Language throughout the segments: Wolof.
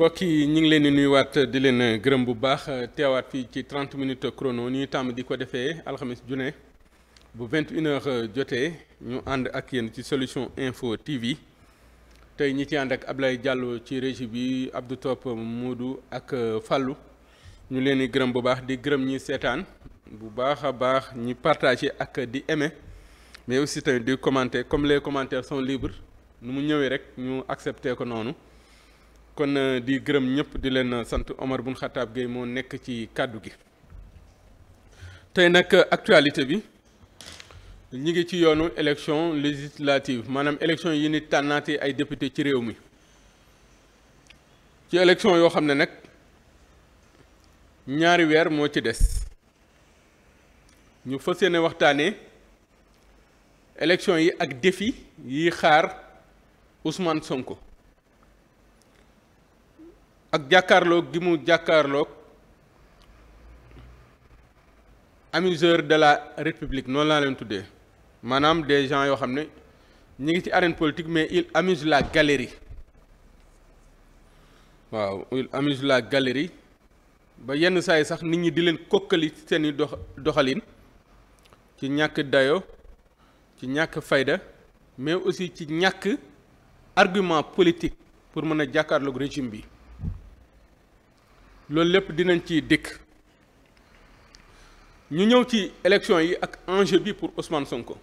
mbokk yi ñu ngi leen di nuyuwaat di leen gërëm bu baax teewaat fii ci 30 minutes chrono ñuy tàmm di ko defee alxamis june bu 21 heures jotee ñu ànd ak yéen ci solution info TV tey ñi ci ànd ak Ablaye Diallo ci régie bi Abdou Top Moodu ak Fallou ñu leen di gërëm bu baax di gërëm ñi seetaan bu baax a baax ñi partagé ak di aimer mais aussi tamit di commenter comme les commentaires sont libres nu mu ñëwee rek ñu accepter ko noonu. kon euh, di gërëm ñëpp di leen euh, sant Omar Bun Xataab moo nekk ci kàddu gi tey nag euh, actualité bi ñi ngi ci yoonu élection législative maanaam élection yi ni tànnaate ay député ci réew mi ci élection yoo xam ne nag ñaari weer moo ci des ñu fas yéene waxtaanee élection yi ak défi yi xaar Ousmane Sonko. ak jàkkaarloog gi mu jàkkaarlook amuseurs de la république noonu laa leen tuddee maanaam des gens yoo xam ne ñi ngi ci arène politique mais il amise la galerie waaw il la galerie ba yenn saay sax nit ñi di leen kokkali seen i dox doxalin ci ñàkk dayo ci ñàkk fayda mais aussi ci ñàkk argument politique pour mën a jàkkaarloog régime bi loolu lépp dinañ ci dikk ñu ñëw ci élection yi ak enjeu bi pour Ousmane Sonko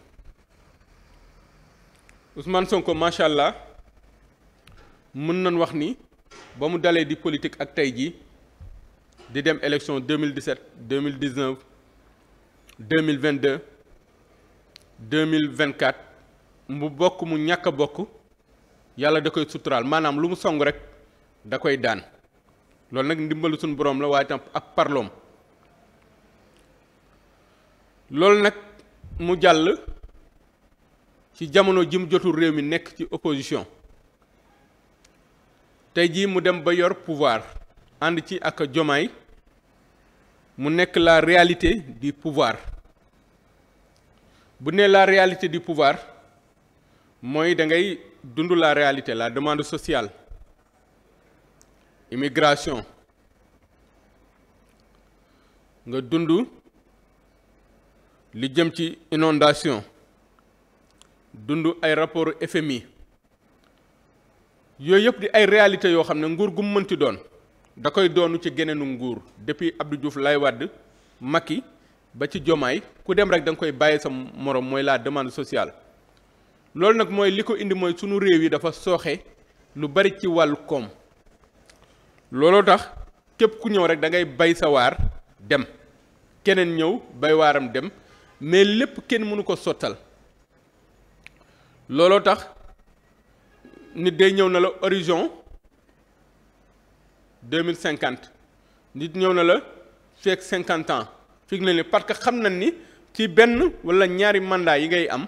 Ousmane Sonko macha allah mën nañ wax ni ba mu dalee di politique ak tey jii di dem élection 2017 2019 2022 2024 mu bokk mu ñàkk a bokk yàlla da koy suturaal maanaam lu mu song rek da koy daan. loolu nag ndimbalu suñu borom la waaye tam ak parloom loolu nag mu jàll ci jamono ji mu jotul réew mi nekk ci opposition tey jii mu dem ba yor pouvoir ànd ci ak jomaay mu nekk la réalité du pouvoir bu ne la réalité di pouvoir mooy da ngay dund la réalité la demande sociale immigration nga dund li jëm ci inondation dund ay rapport FMI yooyu yëpp di ay réalité yoo xam ne nguur gu mu mënti doon da koy doonu ci geneenu nguur depuis abdu Diouf Lay Wade Macky ba ci Jomaay ku dem rek da nga koy bàyyi sa morom mooy la demande sociale loolu nag mooy li ko indi mooy sunu réew yi dafa sooxe lu bari ci wàllu koom looloo tax képp ku ñëw rek da ngay bay sa waar dem keneen ñëw bay waaram dem mais lépp kenn mënu ko sottal looloo tax nit day ñëw na la horizon deux mille cinquante nit ñëw na la fekk cinquante ans fii na ni parce que xam na ni ci benn wala ñaari mandat yi ngay am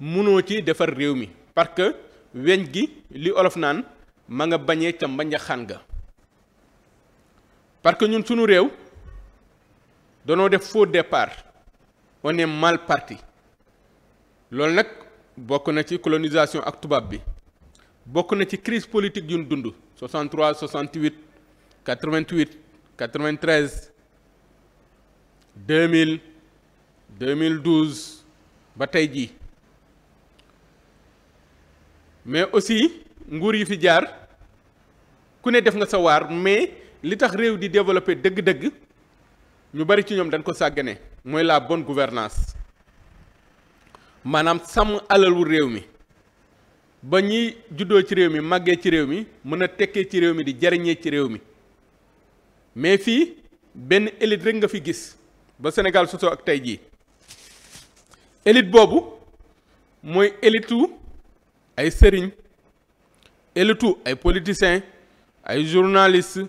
mënoo ci defar réew mi parce que weñ gi li olof naan. ma nga bañee ca mbanjaxaan ga parce que ñun suñu réew danoo def faux départ on est mal parti loolu nag bokk na ci colonisation ak tubaab bi bokk na ci crise politique yu ñu dund 63 68 88 93 2000 2012 ba tey jii mais aussi nguur yi fi jaar ku ne def nga sa waar mais li tax réew di développé dëgg-dëgg ñu bari ci ñoom dañ ko sàggane mooy la bonne gouvernance maanaam sàmm alalu réew mi ba ñuy juddoo ci réew mi màggee ci réew mi mën a tekkee ci réew mi di jariñee ci réew mi mais fii benn élite rek nga fi gis ba Sénégal sosoo ak tey jii élite boobu mooy élitu ay sëriñ et le tout ay politiciens ay journalistes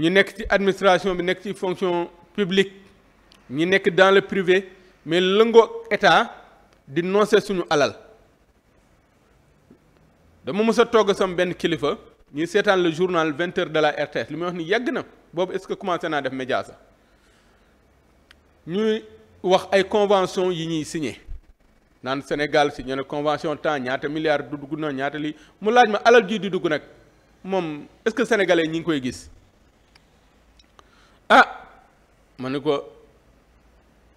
ñi nekk ci administration bi nekk ci fonction publique ñi nekk dans le privé mais lëngoo état di noncé suñu alal dama mës a togg sam benn kilifa ñuy seetaan le journal vingt de la RTS li may wax ni yàgg na boobu est-ce que commencé naa def média ñuy wax ay convention yi ñuy signé naan Sénégal si ñu ne convention temps ñaata milliards du dugg na ñaata lii mu laaj ma alal jii di dugg nag moom est-ce que sénégalais ñi ngi koy gis ah ma ne ko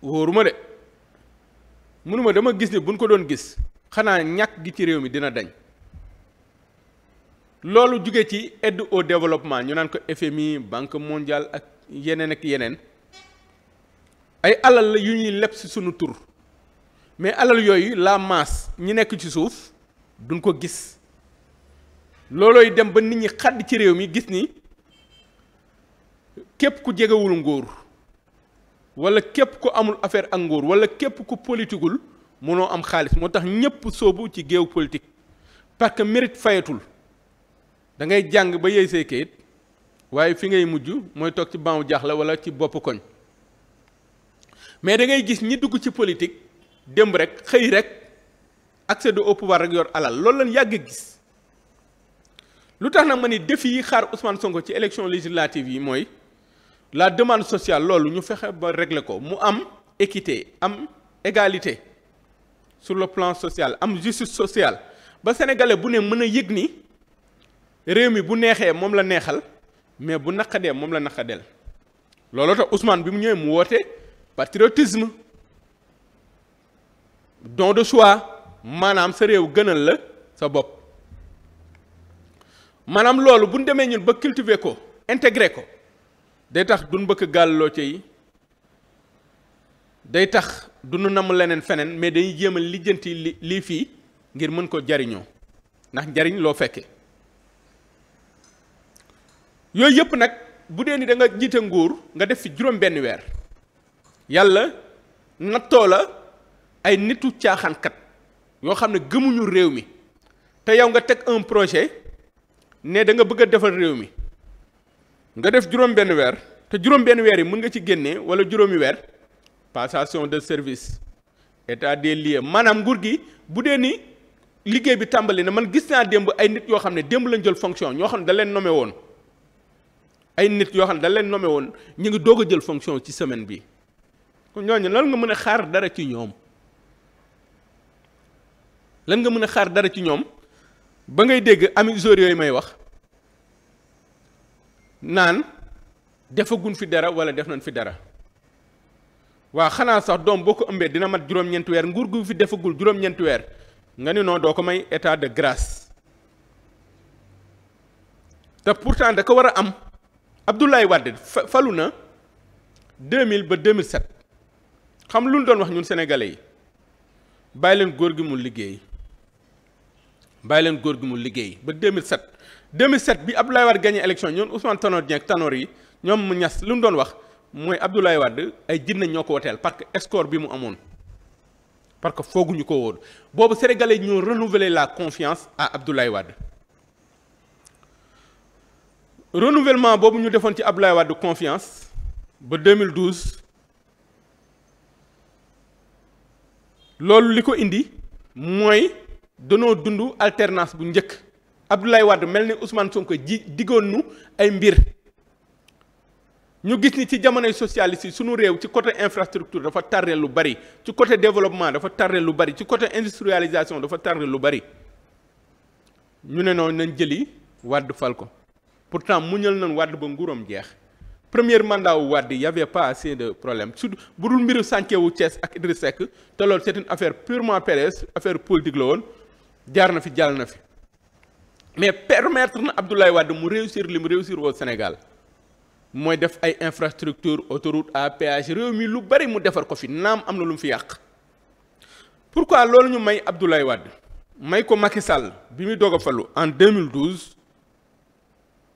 wóoruma de mënuma dama gis ni buñ ko doon gis xanaa ñàkk gi ci réew mi dina dañ loolu juge ci aide au développement ñu naan ko FMI banque mondiale ak yeneen ak yeneen ay alal la yu ñuy leb si sunu tur mais alal yooyu la masse ñi nekk ci suuf duñ ko gis loolooy dem ba nit ñi xàdd ci réew mi gis ni képp ku jegewul nguur wala képp ku amul affaire ak nguur wala képp ku politikul mënoo am xaalis moo tax ñépp soobu ci géew politique parce que mérite fayatul da jàng ba yey say kayit waaye fi ngay mujj mooy toog ci banu jaaxle wala ci bopp koñ mais dangay gis ñi dugg ci politique démb rek xëy rek accéder au pouvoir rek yor alal loolu lañ yàgg a gis lu tax na ma ni défi yi xaar Ousmane Sonko ci élection législative yi mooy la demande sociale loolu ñu fexe ba régler ko mu am équité am égalité sur le plan social am justice sociale ba sénégalais bu ne mën a yëg ni réew mi bu neexee moom la neexal mais bu naqadee moom la naqadeel looloo tax Ousmane bi mu ñëwee mu woote patriotisme don de choix maanaam sa réew gënal la sa bopp maanaam loolu bu ñu demee ñun ba cultiver ko intégrer ko day tax duñ bëgg gàlloo ci yi day tax duñu namm leneen feneen mais dañuy jéem a lijjanti lii fii ngir mën ko jariñoo ndax njariñ loo fekke yooyu yëpp nag bu dee ni danga jiite nguur nga def fi juróom benn weer yàlla nattoo la ay nitu caaxaankat yoo xam ne gëmuñu réew mi te yow nga teg un projet ne da nga bëgg defal réew mi nga def juróom-benn weer te juróom-benn weer yi mun nga ci génne wala juróomi weer passation de service état des lieux maanaam nguur gi bu dee ni liggéey bi tàmbali na man gis naa démb ay nit yoo xam ne démb lañ jël fonction ñoo xam ne da leen nommé woon ay nit yoo xam ne da leen nommé woon ñu ngi doog a jël fonction ci semaine bi kon ñooñu lan nga mën a xaar dara ci ñoom. lan nga mën a xaar dara ci ñoom ba ngay dégg amuseurs yooyu may wax naan defagun fi dara wala def nañ fi dara waa xanaa sax doom boo ko ëmbee dina mat juróom-ñeenti weer nguur gu fi defagul juróom-ñeenti weer nga ni non doo ko may état de grâce te pourtant da ko war a am Abdoulaye Wade falu na 2000 ba 2007 xam lu ñu doon wax ñun sénégalais yi bàyyi leen góor gi mu liggéey. bàyyi leen góor gi mu liggéey ba 2007 2007 bi Abdoulaye Wade gagné élection ñoom Ousmane Tanor Dieng ak Tanor yi ñoom mu ñas lu mu doon wax mooy Abdoulaye Wade ay jinne ñoo ko woteel parce que score bi mu amoon parce que fooguñu ko woon boobu sénégalais ñu renouveler la confiance à Abdoulaye Wade renouvellement boobu ñu defoon ci Abdoulaye Wade confiance ba 2012 loolu li ko indi mooy. danoo dund alternance bu njëkk Abdoulaye wàdd mel ni Ousmane Sonko ji diggoon nu ay mbir ñu gis ni ci jamonoy socialiste yi suñu réew ci côté infrastructure dafa tarre lu bari ci côté développement dafa tarre lu bari ci côté industrialisation dafa tarre lu bari ñu ne noonu nañ jëli Wade fal ko pourtant muñal nañ Wade ba nguuram jeex premier mandat wu Wade y avait pas assez de problème surtout bu dul mbiru sànceewu Thiès ak Idrissa Seck te loolu c'est une affaire purement PDS affaire politique la jaar na fi jàll na fi mais permettre na Abdoulaye wadd mu réussir li mu réussir au Sénégal mooy def ay infrastructure autoroute à péage réew mi lu bari mu defar ko fi naam am na lu mu fi yàq pourquoi loolu ñu may Abdoulaye Wade may ko Macky Sall bi muy doog falu en 2012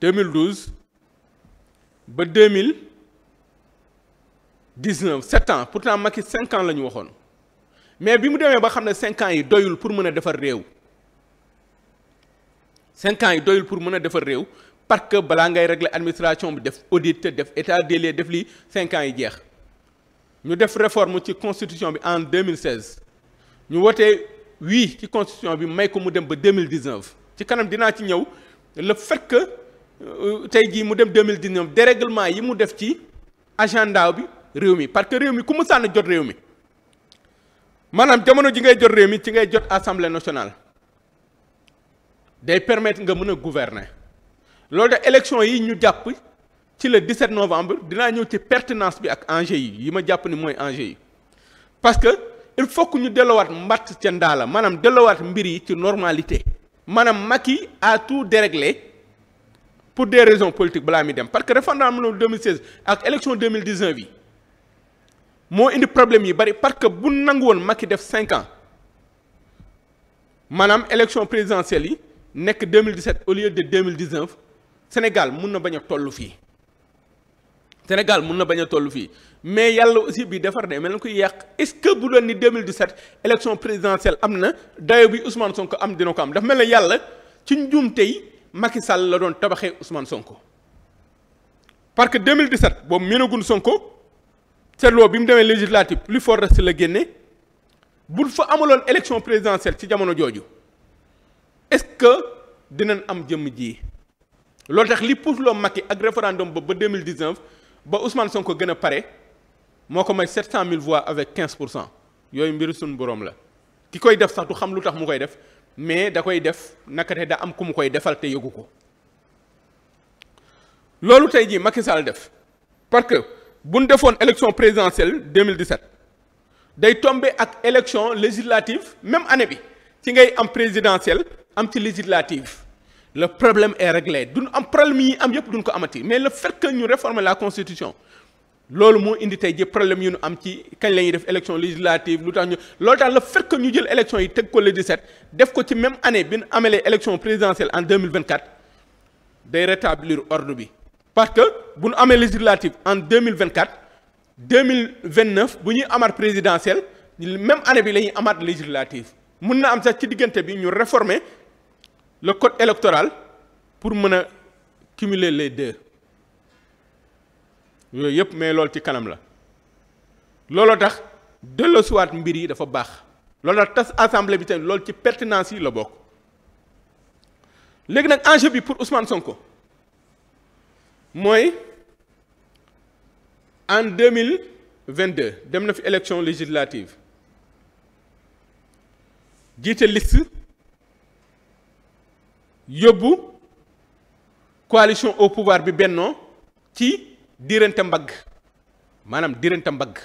2012 ba 2019 sept ans pourtant Macky cinq ans la ñu waxoon mais bi mu demee ba xam ne cinq yi doyul pour mën a defar réew cinq ans yi doyul pour mën a defar réew parce que balaa ngay régler administration bi def audit def état des lieux def lii cinq ans yi jeex ñu def réforme ci constitution bi en 2016 ñu wotee oui ci constitution bi may ko mu dem ba 2019 ci kanam dinaa ci ñëw la fekk que euh, tey jii mu dem 2019 déréglement yi mu def ci agenda bi réew mi parce que réew mi ku mu sànn jot réew mi maanaam jamono ji ngay jot réew mi ci ngay jot assemblée nationale day permettre nga mën a gouverner loolu de élection yi ñu jàpp ci le 17 novembre dinaa ñëw ci pertinence bi ak enjeu yi yi ma jàpp ni mooy enjeu yi parce que il faut que ñu dellowaat mbatt ca la maanaam dellowaat mbir yi ci normalité maanaam Macky a tout déréglé pour des raisons politiques balaa muy dem parce que référendum 2016 ak élection 2019 yi moo indi problème yi bari parce que bu nangu woon Macky def cinq ans maanaam élection présidentielle yi nekk 2017 au lieu de 2019 Sénégal mun na bañ a toll fii Sénégal mun na bañ a toll fii mais yàlla aussi bi defar de mel na koy yàq est-ce que bu doon ni 2017 élection présidentielle am na dayo bi Ousmane sonk am dina ko am dafa mel ne yàlla ci njuum tey Macky Sall la doon tabaxee Ousmane Sonko parce que 2017 boobu mënagun Sonko seetloo bi mu demee législative plus fort reste la génne bu fa amaloon élection présidentielle ci jamono jooju. est-ce que dinañ am jëmm jii loolu tax li pousse loo Macky ak référendum ba ba 2019 ba Ousmane Sonko gën a pare moo ko may 700000 voix avec 15 pour cent yooyu mbir suñu boroom la ki koy def sax du xam lu tax mu koy def mais da koy def naka te da am ku mu koy defal te yëgu ko loolu tey jii Macky Sall def parce que bu ñu defoon élection présidentielle 2017 day tombe ak élection législative même année bi. ci ngay am présidentielle am ci législative le problème est réglé duñ am problème yi am yëpp duñ ko amati mais le fait que ñu réformer la constitution loolu moo indi tey ji problème yu ñu am ci kañ la ñuy def élection législative lu tax ñu loolu tax le fait ñu jël élection yi teg ko le def ko ci même année bi ñu amalee élection présidentielle en 2024 day rétablir ordre bi parce que bu ñu amee législative en 2024 2029 bu ñuy amaat présidentielle même année bi lañuy amaat législative mun na am sax ci diggante bi ñu réformer le code électoral pour mën a cumuler les deux yooyu yëpp mais loolu ci kanam la looloo tax delloosiwaat mbir yi dafa baax looloo tax assemblée bi tamit lool ci pertinence yi la bokk léegi nag enjeu bi pour son ko mooy en deux mille vingt deux dem na fi élection législative. jiite liste yóbbu coalition au pouvoir bi bennoo ci diirante mbagg maanaam diirante mbagg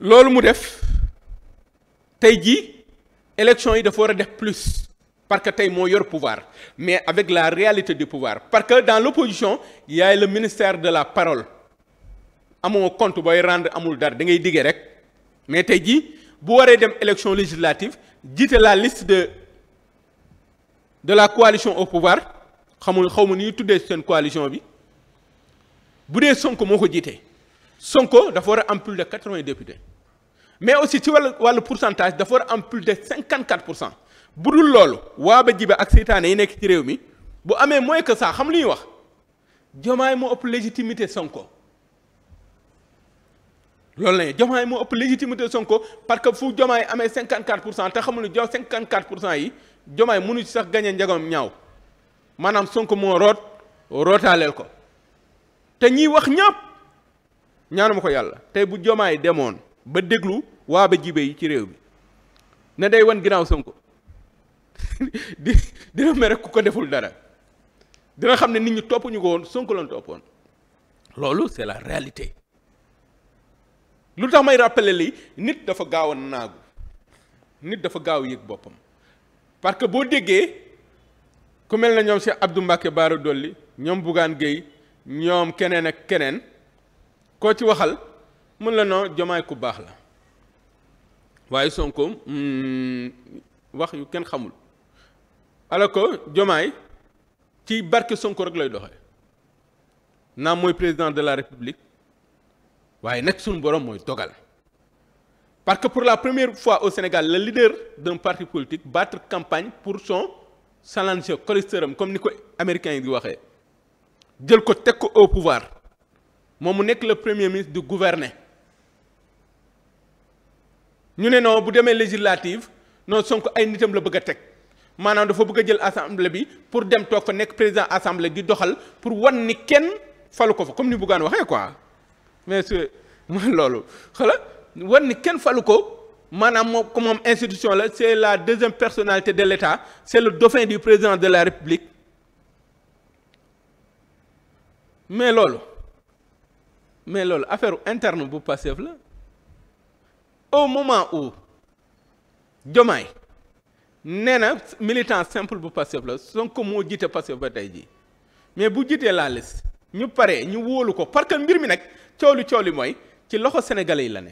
loolu mu def tey jii élection yi dafa war a def plus parce que tey moo yor pouvoir mais avec la réalité du pouvoir parce que dans l'opposition yaay le ministère de la parole amoo compte booy rendre amul dara da ngay diggee rek mais tey jii bu waree dem élection législative jiite la liste de de la coalition au pouvoir xamul xaw ma ni tuddee seen coalition bi bu dee Sonko moo ko jiitee Sonko dafa war a am plus de quatre mais aussi ci wàllu wàllu pourcentage dafa war a am plus de cinquante pour cent bu dul loolu waa ba jibe ak seytaane yi nekk ci réew mi bu amee moins que ça xam lu wax Diomaye moo ëpp légitimité Sonko loolu la Diomaye moo ëpp légitimité Sonko parce que fu Diomaye amee 54 pour cent te xamul ne 54 pour cent yi Diomaye mënu ci sax gañe njagam ñaaw maanaam Sonko moo root rootaaleel ko te ñiy wax ñëpp ñaanuma ko yàlla tey bu yi demoon ba déglu waa ba jibe yi ci réew bi ne day wan ginnaaw Sonko di dina mere ku ko deful dara dina xam ne nit ñi topp ñu ko woon Sonko lañ toppoon loolu c'est la réalité. lu tax may rappelé lii nit dafa gaaw a naagu nit dafa gaaw yëg boppam parce que boo déggee ku mel na ñoom Cheikh Abdou baar Bara Dolly ñoom Bougane géey ñoom keneen ak keneen koo ci waxal mun la noo jomaay ku baax la waaye Sonko hmm, wax yu kenn xamul alors que jomaay ci barke Sonko rek lay doxee naam mooy président de la république waaye nag suñu borom mooy dogal parce que pour la première fois au Sénégal le leader d'un parti politique battre campagne pour son challenge cholestéram comme ni koy américain yi di waxee jël ko teg ko au pouvoir moom mu nekk le premier ministre du gouverner ñu ne non bu demee législative non Sonko ay nitam la bëgg teg maanaam dafa bëgg a jël assemblée bi pour dem toog fa nekk président assemblée di doxal pour wan ni kenn falu ko fa comme ni Bougane waxee quoi mais su mooy loolu xala war ni kenn falu ko maanaam moom comme moom institution la c' est la deuxième personnalité de l' État c' est le dauphin du président de la République mais loolu mais loolu affaire interne bu Pastef la au moment où Diomaye nee na militant simple bu Pastef la Sonko moo jiite Pastef ba tey jii mais bu jiitee la liste ñu pare ñu wóolu ko parce que mbir mi nag coow li coow li mooy ci loxo sénégalais yi la ne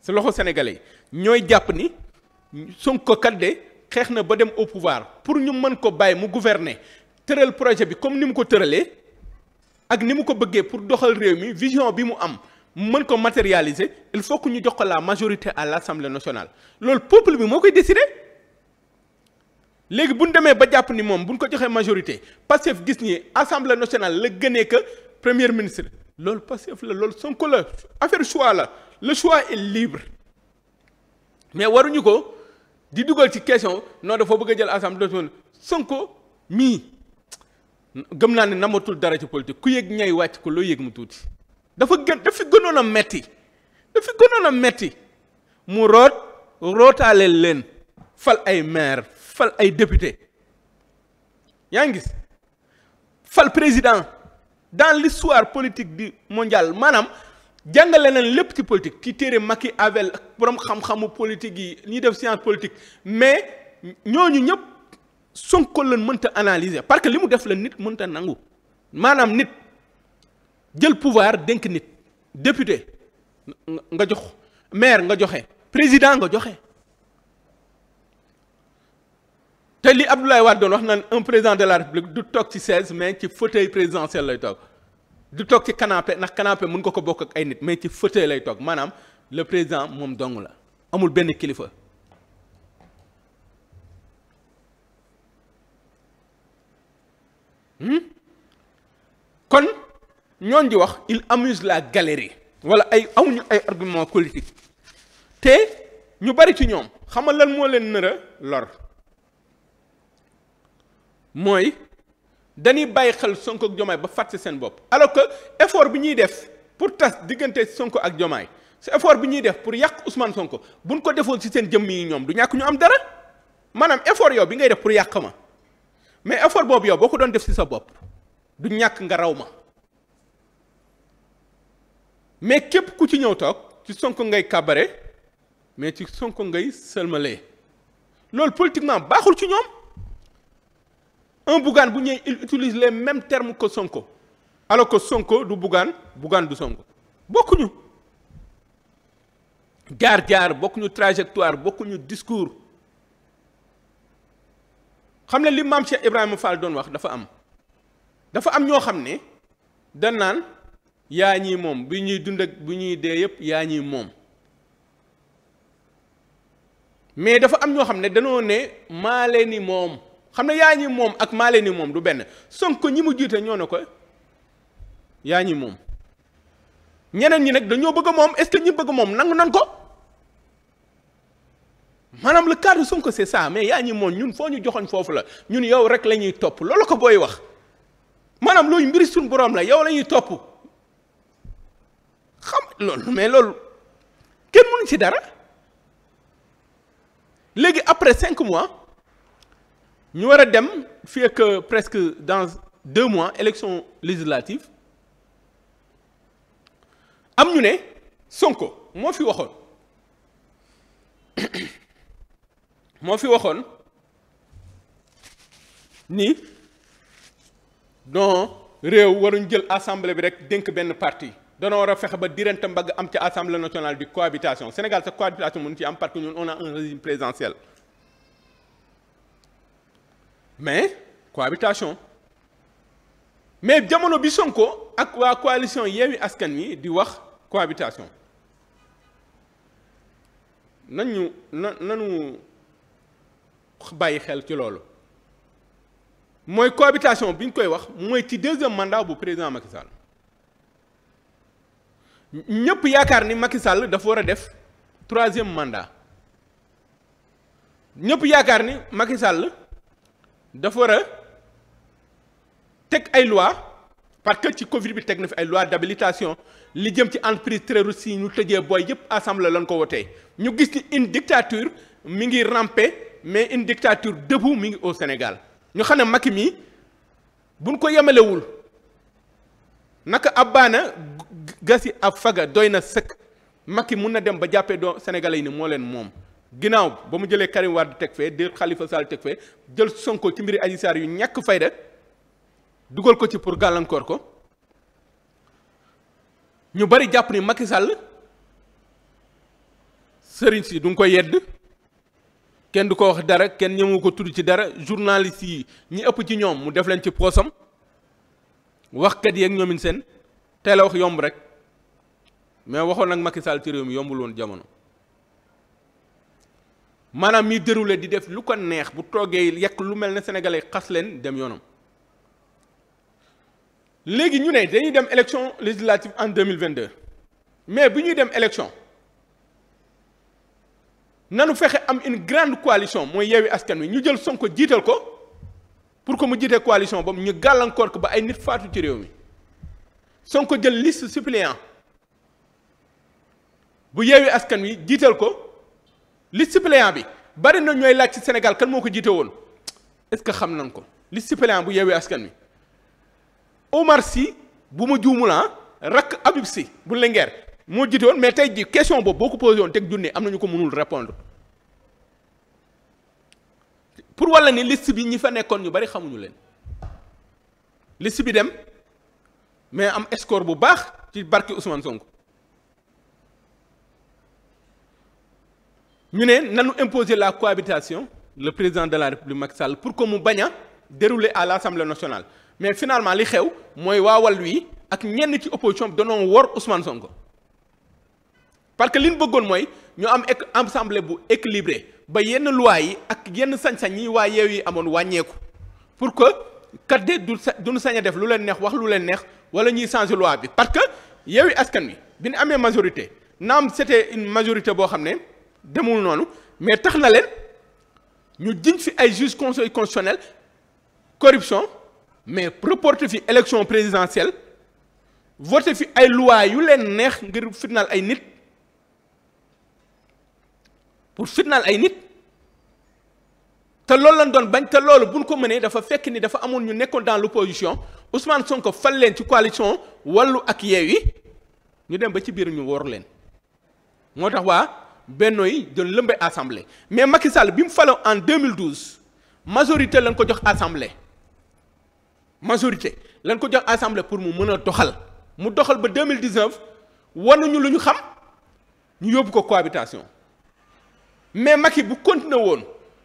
si loxo sénégalais yi ñooy jàpp ni Sonko kat de xeex na ba dem au pouvoir pour ñu mën ko bàyyi mu gouverner tëral projet bi comme ni mu ko tëralee ak ni mu ko bëggee pour doxal réew mi vision bi mu am mën ko matérialiser il faut que ñu jox ko la majorité à l'Assemblée nationale loolu peuple bi moo koy décider léegi bu ñu demee ba jàpp ni moom bu ñu ko joxee majorité Pastef gis ni Assemblée nationale la gënee que premier ministre. loolu Pastef la loolu Sonko la affaire choix la le choix est libre mais waruñu ko di dugal ci question non dafa bëgg a jël assemblée dootuma Sonko mii gëm naa ne namatul dara ci politique ku yëg ñay wàcc ko loo yëg mu tuuti dafa gën dafa gënoon a metti dafa gënoon a metti mu root rootaaleel leen fal ay maire fal ay député yaa ngi gis fal président dans l'histoire politique du mondial maanaam jàngale nañ lépp ci politique ci téere Macky Havel borom xam-xamu politique yi ñuy def science politique mais ñooñu ñëpp Sonko lañ mënta analyser parce que li mu def la nit mënta nangu maanaam nit jël pouvoir dénk nit député nga jox maire nga joxe président nga joxe te li Abdoulaye Wade doon wax na un président de la République du toog ci chaise mais ci fauteuil présidentiel lay toog du toog ci canapé ndax canapé mën nga ko bokk ak ay nit mais ci fauteuil lay toog maanaam le président moom dong la amul benn kilifa. Hmm? kon ñooñ di wax il amuse la galerie wala ay amuñu ay argument politique te ñu bari ci ñoom xamal lan moo leen nër lor. mooy danuy bàyyi xel Sonko ak Jomaay ba fàtte seen bopp alors que effort bi ñuy def pour tas diggante sonk ak Jomaay si effort bi ñuy def pour yàq Ousmane Sonko buñ ko defoon si seen jëmm yi ñoom du ñàkk ñu am dara maanaam effort yow bi ngay def pour yàq ma mais effort boobu yow boo ko doon def si sa bopp du ñàkk nga raw ma mais képp ku ci ñëw toog ci Sonko ngay kàbbare mais ci Sonko ngay sëlmalee loolu politiquement baaxul ci ñoom. un Bougane bu ñëwee il utilise les mêmes termes que Sonko alors que Sonko du Bougane Bougane du Sonko bokkuñu jaar-jaar bokkuñu trajectoire bokkuñu discours xam ne li maam Cheikh Ibrahima Fall doon wax dafa am dafa am ñoo xam ne dañ naan yaa ñii moom bi ñuy dund ak bu ñuy dee yépp yaa ñii moom mais dafa am ñoo xam ne danoo ne maa leen ni moom. xam ne yaa ñi moom ak maale leen ni moom du benn Sonko ñi mu jiite ñoo ne ko yaa ñi moom ñeneen ñi nag dañoo bëgg a moom est-ce bëgg moom nangu nan ko maanaam le cadre Sonko c'est ça mais yaa ñi moom ñun foo ñu joxoñ foofu la ñun yow rek la ñuy topp loolu ko booy wax maanaam loolu mbiri suñu borom la yow lañuy ñuy topp xam loolu mais loolu kenn mënu si dara léegi après cinq mois ñu war a dem fii ak euh, presque dans deux mois élection législative am ñu ne Sonko moo fi waxoon moo fi waxoon ni don réew waruñ jël assemblée bi rek dénk benn parti dana war a fexe ba dirante mbagg am ca assemblée nationale du cohabitation Sénégal sa cohabitation mënu ci am parce que ñun a un régime présidentiel mais cohabitation mais jamono bi Sonko ak waa coalition Yewwi Askan yi di wax cohabitation nañu na nañu bàyyi xel ci loolu mooy cohabitation bi ñu koy wax mooy ci deuxième mandat bu président Macky Sall ñëpp yaakaar ni Macky Sall dafa war a def troisième mandat ñëpp yaakaar ni Macky dafa war a teg ay loi parce que ci Covid bi teg na fi ay loi d'habilitation li jëm ci entreprise très russie ñu tëjee booy yëpp assemblée lañ ko wotee ñu gis ci une dictature mi ngi ramper mais une dictature debout mi ngi au Sénégal ñu xam ne Macky mi buñ ko yemalewul naka baana gasi ab faga doy na sëkk Macky mun na dem ba jàppee doo Sénégalais yi ni moo leen moom ginnaaw ba mu jëlee Karim Wade teg fee de Khalifa Sall teg fee jël Sonko ci mbiri Adji Sarr yu ñàkk fayda dugal ko ci pour gàllankoor ko ñu bari jàpp ni Macky Sall sëriñ si du nga ko yedd kenn du ko wax dara kenn ñëmu ko tudd ci dara journaliste yi ñi ëpp ci ñoom mu def leen ci poosam waxkat yeeg ñoomin seen teel a wax yomb rek mais waxoon nag Macky Sall ci réew mi yombul woon jamono maanaam mi déroulé di def lu ko neex bu toogee yekk lu mel ne sénégalais xas leen dem yoonam léegi ñu ne dañuy dem élection législative en deux mille vingt deux mais bu ñuy dem élection nanu fexe am une grande coalition mooy yeewi askan wi ñu jël Sonko jiital ko pour que mu jiite coalition boobu ñu gàllankoor ko ba ay nit faatu ci réew mi Sonko jël liste suppléant bu yeewi askan wi jiital ko. list suppléant bi bari na ñooy laaj ci Sénégal kan moo ko jiite woon est-ce que xam nañ ko list suppléant bu yeewee askan wi Omar si bu ma juumula ah, rakk Habib Sy bu Linguère moo jiite woon mais tey ji question boobu boo ko posé woon teg junne am na ñu ko mënul répondre pour walla ni list bi ñi fa nekkoon ñu bari xamuñu leen liste bi dem mais am score bu baax ci barki Ousmane Sonko ñu ne nanu imposer la cohabitation le président de la république Macky Sall pour que mu baña a dérouler à l'Assemblée nationale mais finalement li xew mooy waa Wallu yi ak ñenn ci opposition bi danoo wor Ousmane Sonko parce que li ñu bëggoon mooy ñu am assemblée bu équilibré ba yenn loi yi ak yenn sañ-sañ yi waa yeew yi amoon wàññeeku pour que kat de du duñu sañ a def lu leen neex wax lu leen neex wala ñuy changer loi bi parce que yeewi askan wi bi ñu amee majorité naam c'était une majorité boo xam ne. demul noonu mais tax na leen ñu jiñ fi ay juge conseil constitutionnel corruption mais reporté fi élection présidentielle voté fi ay loi yu leen neex ngir fitnaal ay nit pour fitnaal ay nit te loolu lañ doon bañ te loolu buñ ko mënee dafa fekk ni dafa amoon ñu nekkoon dans l'opposition Ousmane Sonko fal leen ci coalition Wallu ak yi ñu dem ba ci biir ñu wor leen moo tax waa benno yi doon lëmbe assemblée mais Macky Sall bi mu faloo en 2012 majorité lañ ko jox assemblée majorité lañ ko jox assemblée pour mu mën a doxal mu doxal ba 2019 wanuñu lu ñu xam ñu yóbbu ko cohabitation mais Macky bu continué woon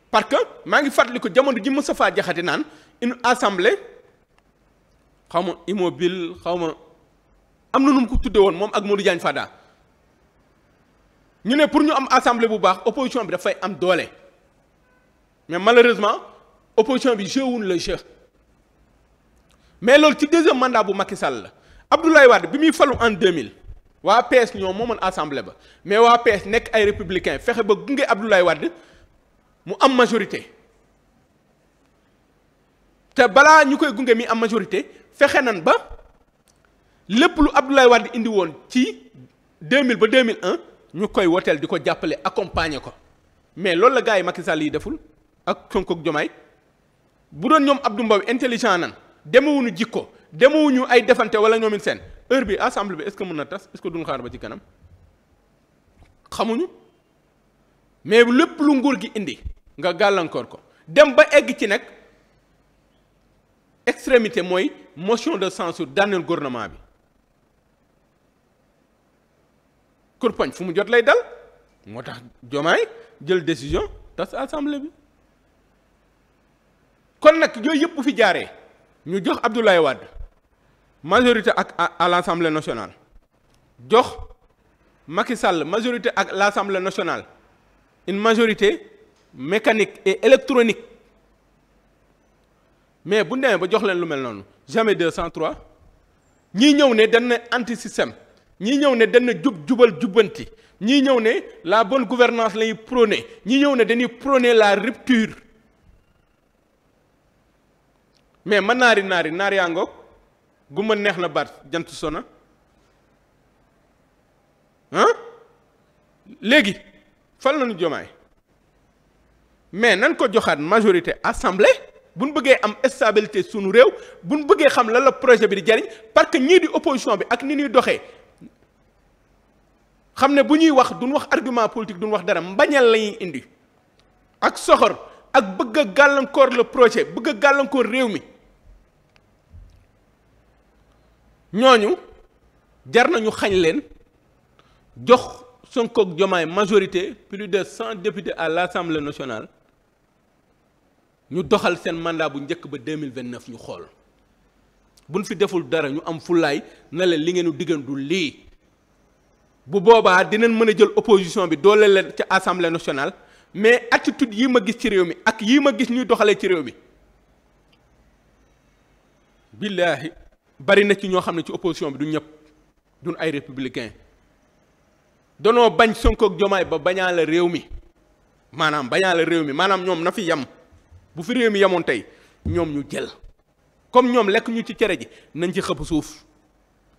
parce que maa ngi fàttali ko jamono ji Moustapha Diakhaté naan une assemblée xaw ma immobile xaw ma am na nu mu ko tuddee woon moom ak Modou Diagne Fada. ñu ne pour ñu am assemblée bu baax opposition bi dafay am doole mais malheureusement opposition bi joué wul le jeu mais loolu ci deuxième mandat bu Macky Sall la ay Wade bi muy falu en 2000 waa PS ñoo moomoon assemblée ba mais waa PS nekk ay républicain fexe ba gunge Abdoulaye Wade mu am majorité te balaa ñu koy gunge mi am majorité fexe nan ba lépp lu Abdoulaye Wade indi woon ci 2000 ba 2001. ñu koy woteel di ko jàppale accompagner ko mais loolu la gars yi Macky Sall yi deful ak Sonko ak bu doon ñoom Abdou Mbow intelligent nan demewuñu jikko demewuñu ay defante wala ñoom seen heure bi assemblée bi est-ce que mën a tas est-ce que duñ xaar ba ci kanam xamuñu mais lépp lu nguur gi indi nga gàllankoor ko dem ba egg ci nag extrémité mooy motion de censure daaneel gouvernement bi kurpañ fu mu jot lay dal moo tax jomaay jël décision tas assemblée bi kon nag yooyu yëpp bu fi jaaree ñu jox Abdoulaye Wade majorité ak à l'Assemblée nationale jox Macky Sall majorité ak l'Assemblée nationale une majorité mécanique et électronique mais bu demee ba jox leen lu mel noonu jamais 203 ñii ñëw ne dañ anti système. ñi ñëw ne dana jub jubal jubbanti ñii ñëw ne la bonne gouvernance lañuy prôné ñii ñëw ne dañuy prôné la rupture mais ma naari naari naar yaa ngoog gumba neex na baat jant sona ah léegi fal nañu jomaay mais nan ko joxaat majorité assemblée bu ñu bëggee am stabilité sunu réew bu ñu bëggee xam lan la projet bi di jariñ parce que ñii di opposition bi ak ni ñuy doxee xam ne bu ñuy wax duñ wax argument politique duñ wax dara mbañal la indi ak soxor ak bëgg a gàllankoor le projet bëgg gàllankoor réew mi ñooñu jar nañu xañ leen jox Sonko ak majorité plus de cent députés à l'Assemblée nationale ñu doxal seen mandat bu njëkk ba deux mille vingt neuf ñu xool buñ fi deful dara ñu am fulaay na leen li ngeen di du lii. bu boobaa dinañ mën a jël opposition bi doole leen ci assemblée nationale mais attitude yi ma gis ci réew mi ak yi ma gis ñuy doxalee ci réew mi billaahi bari na ci ñoo xam ne ci opposition bi du ñëpp duñ ay républicain danoo bañ Sonko Jomaay ba bañaa la réew mi maanaam bañaa la réew mi maanaam ñoom na fi yem bu fi réew mi yemoon tey ñoom ñu jël comme ñoom lekk ñu ci cere ji nañ ci xëpp suuf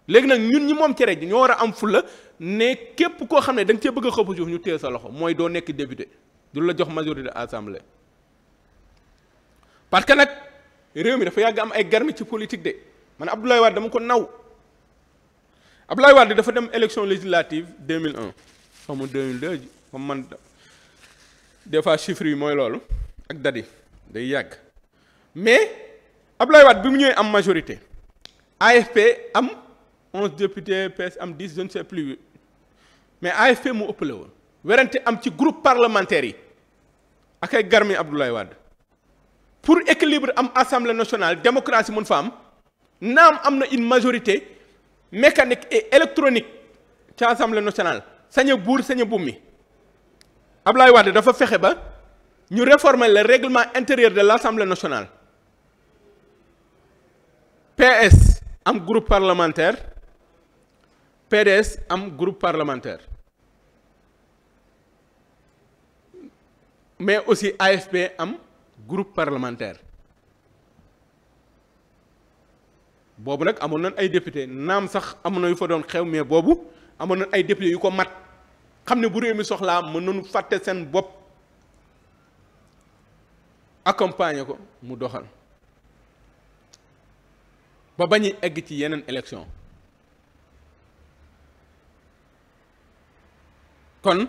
léegi nag ñun ñi moom cere ji ñoo war a am fulla ne képp koo xam ne da nga cee bëgg a xëpp ñu téye sa loxo mooy doo nekk député du la jox majorité assemblée parce que nag réew mi dafa yàgg am ay garme ci politique de man Abdoulaye Wade dama ko naw Abdoulaye Wade dafa dem élection législative 2001 xaw ma 2002 comme man des fois chiffres yi mooy loolu ak dadi day yàgg mais Abdoulaye Wade bi mu ñëwee am majorité AFP am 11 députés pes am 10 je ne sais mais AFP mu ëppale woon werante am ci groupe parlementaire yi ak ay garmi Abdoulaye Wade pour équilibre am assemblée nationale démocratie mun fa am naam am na une majorité mécanique et électronique ca assemblée nationale sañ a buur sañ a bummi Abdoulaye Wade dafa fexe ba ñu réformer le règlement intérieur de l' assemblée nationale PS am groupe parlementaire PDS am groupe parlementaire mais aussi AFP am groupe parlementaire boobu nag amoon nañ ay député naam sax amoon na yu fa doon xew mais boobu amoon nañ ay député yu ko mat xam ne bu réew mi soxlaa mën nañu fàtte seen bopp accompagner ko mu doxal ba bañuy egg ci yeneen élection kon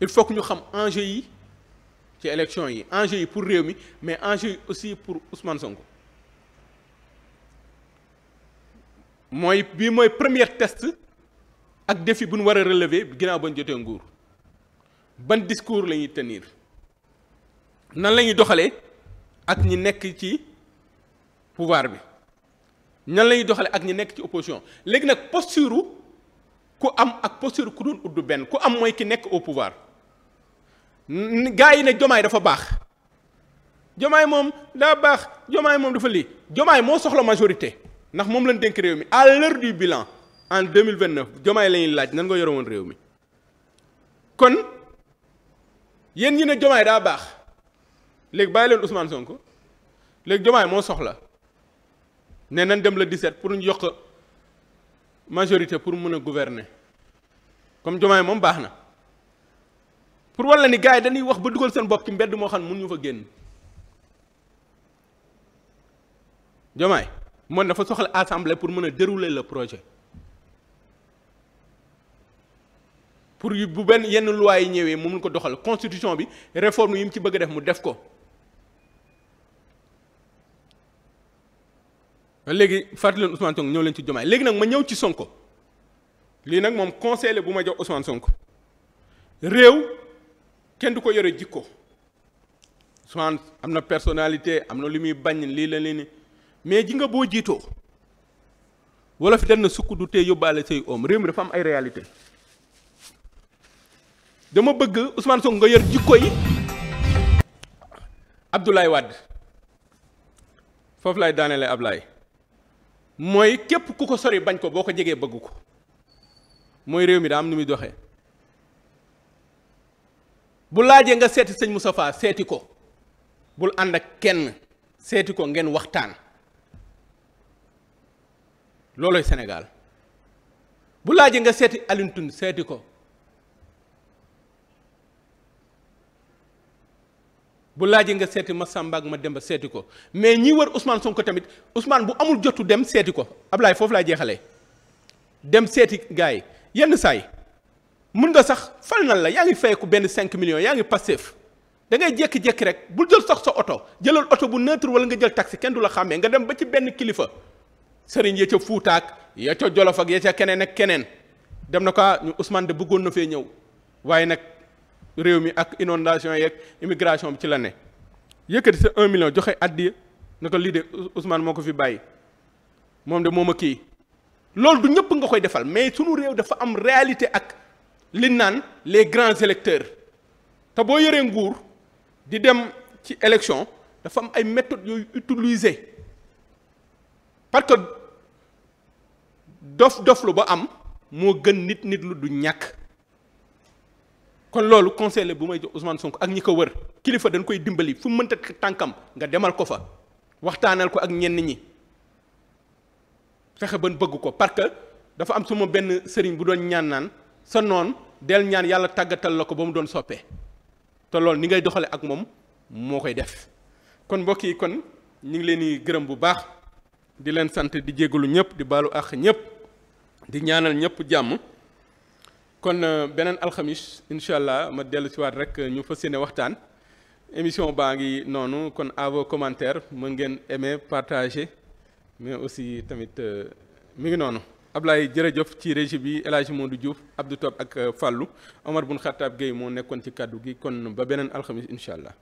il faut ñu xam enjeu yi ci élection yi enjeu yi pour réew mi mais enjeu yi aussi pour Ousmane Sonko mooy bii mooy premier test ak défi bu ñu war a relever ginnaaw ba ñu jotee nguur ban discours la ñuy tenir nan la ñuy doxalee ak ñi nekk ci pouvoir bi nan la ñuy doxalee ak ñi nekk ci opposition léegi nag posture ku am ak posture ku doon uddu benn ku am mooy ki nekk au pouvoir. gaa yi ne jomaay dafa baax jomaay moom daa baax jomaay moom dafa lii jomaay moo soxla majorité ndax moom lañ dénk réew mi à l'heure du bilan en 2029 jomaay la ñuy laaj nan nga yore woon réew mi kon yéen ñi ne jomaay daa baax léegi bàyyi leen Ousmane Sonko léegi jomaay moo soxla ne nan dem la le 17 pour ñu yokk majorité pour mun a gouverner comme jomaay moom baax na pour walla ni gars yi dañuy wax ba dugal seen bopp ci mbedd moo xam ne mënuñu fa génn Diomaye moom dafa soxla assemblée pour mën a dérouler la projet pour bu benn yenn loi yi ñëwee mu mun ko doxal constitution bi réforme yi mu ci bëgg a def mu def ko léegi fàttali leen Ousmane ñëw leen ci Diomaye léegi nag ma ñëw ci Sonko lii nag moom conseiller bu ma jox Ousmane Sonko réew kenn du ko yore jikko Ousmane am na personnalité am na lu muy bañ lii la ni mais ji nga boo jiitoo wala fi na sukk du tee yóbbaale say oom réew mi dafa am ay réalité dama bëgg Ousmane Sonko nga yor jikko yi Abdoulaye wàdd foofu laay daanelee Ablaye mooy képp ku ko sori bañ ko boo ko jegee bëgg ko mooy réew mi daa am nu muy doxee bu laajee nga seeti sëñ Moustapha seeti ko bul ànd ak kenn seeti ko ngeen waxtaan looloy Sénégal bu laajee nga seeti Alioune Tine seeti ko bu laajee nga seeti Massamba ak Mademba seeti ko mais ñi wër Ousmane ko tamit Ousmane bu amul jotu dem seeti ko Ablaye foofu laay jeexalee dem seeti gars yi yenn saay mun nga sax fal nan la yaa ngi fay ko benn 5 millions yaa ngi passif da ngay jékki rek bul jël sax sa oto jëlal oto bu neutre wala nga jël taxi kenn du la xàmmee nga dem ba ci benn kilifa sëriñ ya ca fuutaak ya ca jolof ak ya ca keneen ak keneen dem na ko ah, ñu Ousmane de bëggoon na fee ñëw waaye nag réew mi ak inondation yeeg immigration bi ci la ne yëkkati sa un million joxe addiya na ko lii de Ousmane moo ko fi bàyyi moom de moom a kii loolu du ñëpp nga koy defal mais sunu réew dafa am réalité ak. li naan les grands électeurs te boo yoree nguur di dem ci élection dafa am ay méthodes yooyu utiliser parce que dof dof lu ba am moo gën nit nit lu du ñàkk kon loolu conseil bu may jox Ousmane Sonko ak ñi ko wër kilifa dañ koy dimbali fu mënta tànkam nga demal ko fa waxtaanal ko ak ñenn ñi fexe ban bëgg ko parce que dafa am suma benn sëriñ bu doon ñaan naan sa noon del ñaan yàlla tàggatal la ko ba mu doon soppee te loolu ni ngay doxale ak moom moo koy def kon mbokk yi kon ñu ngi leen di gërëm bu baax di leen sant di jégalu ñëpp di baalu àq ñëpp di ñaanal ñëpp jàmm kon euh, beneen alxamis incha allah ma dellu si waat rek ñu fas yéene waxtaan émission baa ngi noonu kon à vos commentaires ngeen aimer partager mais aussi tamit euh, mi ngi noonu Ablaye jërëjëf ci régi bi El Hadj Modou Diouf Abdou Top ak euh, Fallou Omar Bun Khattab géey moo nekkoon ci kàddu gi kon ba beneen alxamis incha allah.